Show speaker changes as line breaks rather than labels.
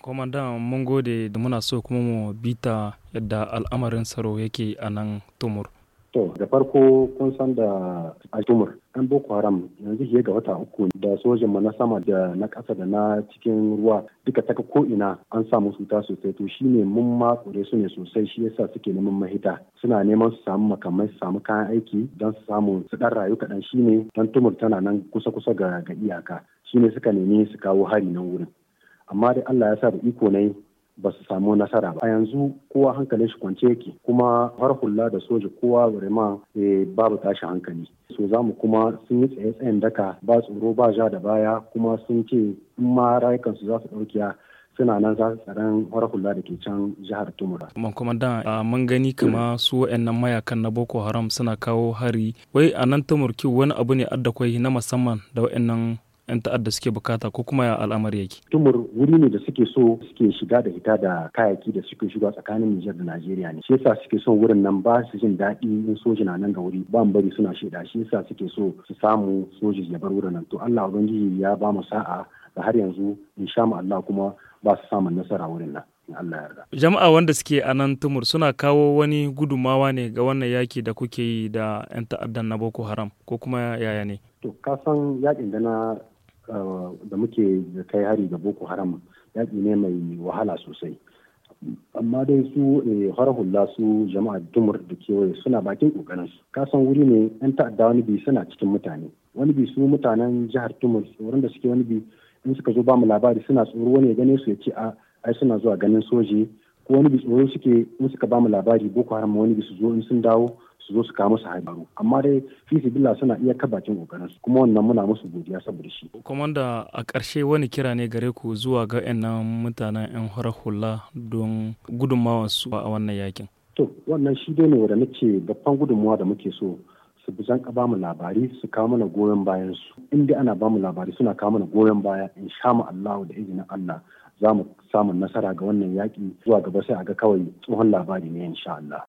komandan mun gode da muna so kuma mu bita yadda al'amarin tsaro yake a nan tumur
to da farko kun san da a tumur an boko haram yanzu fiye ga wata uku da sojin mu na sama da na ƙasa da na cikin ruwa duka taka ko ina an sa su ta sosai to shine mun makure su ne sosai shi yasa suke neman mahita suna neman su samu makamai su samu kayan aiki don su samu su dan rayu kaɗan ne dan tumur tana nan kusa kusa ga iyaka shi ne suka nemi su kawo hari nan wurin amma dai Allah ya sa da iko ne ba su samu nasara ba a yanzu kowa hankalin shi kwance yake kuma har hula da soja kowa vraiment eh, babu tashi hankali so za mu kuma sun yi tsaye tsayen daka ba tsoro ba ja da baya kuma sun ce in ma rayukansu za su ɗaukiya suna nan za tsaron hula da ke can jihar tumura.
man kuma da mun gani kama su wayannan mayakan na boko haram suna kawo hari wai a nan tumurki wani abu ne adda kwai na musamman da waɗannan. 'yan ta'adda suke bukata ko kuma ya al'amari yake?
Tumur wuri ne da suke so suke shiga da ita da kayaki da suke shiga tsakanin Nijar da Najeriya ne. Shi yasa suke son wurin nan ba su jin daɗi in soji na nan ga wuri ba bari suna shaida shi yasa suke so su samu soji ya bar wurin nan. To Allah Ubangiji ya ba mu sa'a da har yanzu in sha mu Allah kuma ba su samun nasara wurin nan.
Allah Jama'a wanda suke a nan tumur suna kawo wani gudumawa ne ga wannan yaki da kuke yi da 'yan ta'addan na Boko Haram ko kuma yaya ne?
To kasan yakin da na da muke da kai hari da boko haram yaƙi ne mai wahala sosai amma dai su eh, hula su jama'a dumur da kewaye suna bakin kokarin su kasan wuri ne yan ta'adda wani bi suna cikin mutane wani bi su mutanen jihar tumur tsoron da suke wani bi in suka zo ba mu labari suna tsoro wani ya gane su ya ce a ai suna zuwa ganin soji wani bisu suke in suka bamu labari boko haram wani bisu su zo in sun dawo su zo su kawo musu habaru amma dai fisi billa suna iya kabacin kokarin su kuma wannan muna musu godiya saboda shi
komanda a ƙarshe wani kira ne gare ku zuwa ga yan mutanen yan horar hula don gudunmawa su a wannan yakin
to wannan shi dai ne wanda nace babban gudunmawa da muke so su bi zan ba mu labari su kawo mana goyon bayan su in ana bamu labari suna kawo mana goyon baya in sha mu Allah da izinin Allah za mu samun nasara ga wannan yaƙi zuwa gaba sai a ga kawai tsohon labari ne insha Allah.